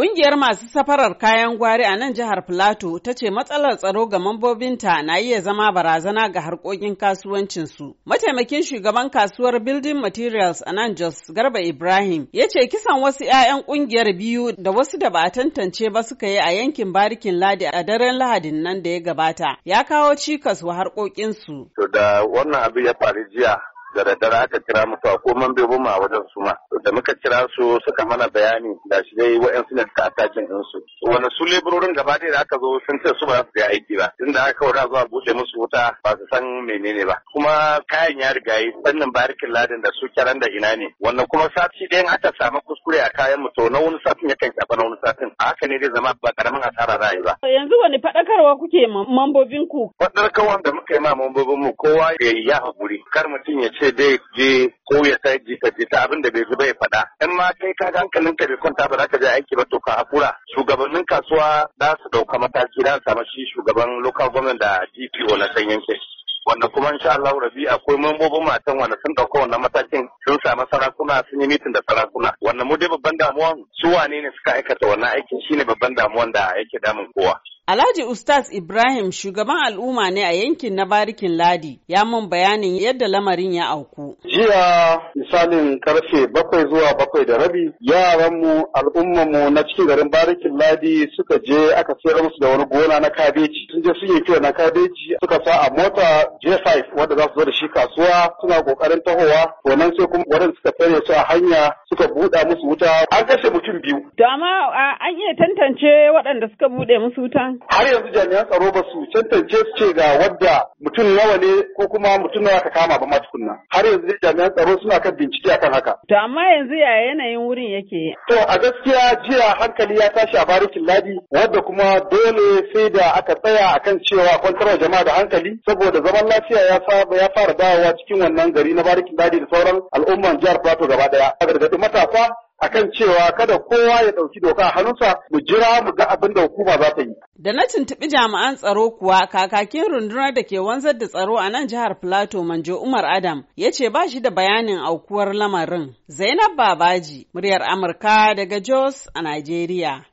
Ƙungiyar masu safarar kayan gwari a nan jihar Filato ta ce matsalar tsaro ga mambobinta na iya zama barazana ga harkokin kasuwancinsu. Mataimakin shugaban kasuwar Building Materials a nan Jos Garba Ibrahim ya ce kisan wasu 'ya'yan ƙungiyar biyu da wasu da ba a tantance ba suka yi a yankin barikin ladi a daren lahadin nan da ya gabata ya kawo cikas wa harkokinsu. To da wannan abu ya faru jiya da daddare aka kira mu a ko man bai a wajen su ma da muka kira su suka mana bayani da shi dai wa'ansu ne suka atakin din su wanda su leburorin gaba da aka zo sun ce su ba su yi aiki ba tunda aka wada zuwa buɗe musu wuta ba su san menene ba kuma kayan ya riga yi sannan barikin ladin da su kiran da ina ne wannan kuma sati ɗayan aka samu kuskure a kayan mu to na wani satin ya kan shafa na wani satin a haka ne zai zama ba karamin asara za a yanzu wani faɗakarwa kuke mambobinku? faɗakarwa da muka yi ma mambobinmu kowa ya yi ya haƙuri kar mutum ya ce ce zai je ko ya sai ji jita abin da bai zuba ya faɗa in ma kai ka ga hankalin ka bai kwanta ba za ka je aiki ba to ka hakura shugabannin kasuwa za su ɗauka mataki za su samu shi shugaban local government da DPO na san yanke. wanda kuma sha Allah rabi akwai mambobin matan wanda sun dauka wannan matakin sun samu sarakuna sun yi mitin da sarakuna wanda mu dai babban damuwan su wane ne suka aikata wannan aikin shine babban damuwan da yake damun kowa Alhaji Ustaz Ibrahim shugaban al'umma ne a yankin na Barikin Ladi ya mun bayanin yadda lamarin ya auku. Jiya misalin karfe bakwai zuwa bakwai da rabi yaran yaranmu al'ummanmu na cikin garin Barikin Ladi suka je aka sayar musu da wani gona na kabeji. Sun je sun yi kiwo na kabeji suka sa a mota J5 wanda za su zo da shi kasuwa suna kokarin tahowa wannan sai kuma wurin suka fere su a hanya suka buɗa musu wuta an kashe mutum biyu. To an iya tantance waɗanda suka buɗe musu wuta? har yanzu jami'an tsaro ba su cantance su ce ga wadda mutum nawa ne ko kuma mutum nawa ka kama ba ma tukunna har yanzu jami'an tsaro suna kan bincike akan haka to amma yanzu ya yanayin wurin yake to a gaskiya jiya hankali ya tashi a barikin ladi wadda kuma dole sai da aka tsaya akan cewa kwantar jama'a da hankali saboda zaman lafiya ya ya fara dawowa cikin wannan gari na barikin ladi da sauran al'umman jihar Plateau gaba daya a gargaɗi matasa akan cewa kada kowa ya ɗauki doka a hannunsa mu jira mu ga abin da hukuma za ta yi. Da na tuntuɓi jami'an tsaro kuwa kakakin rundunar da ke wanzar da tsaro a nan jihar Filato Manjo Umar Adam ya ce ba shi da bayanin aukuwar lamarin. Zainab Babaji, muryar Amurka daga Jos a Najeriya.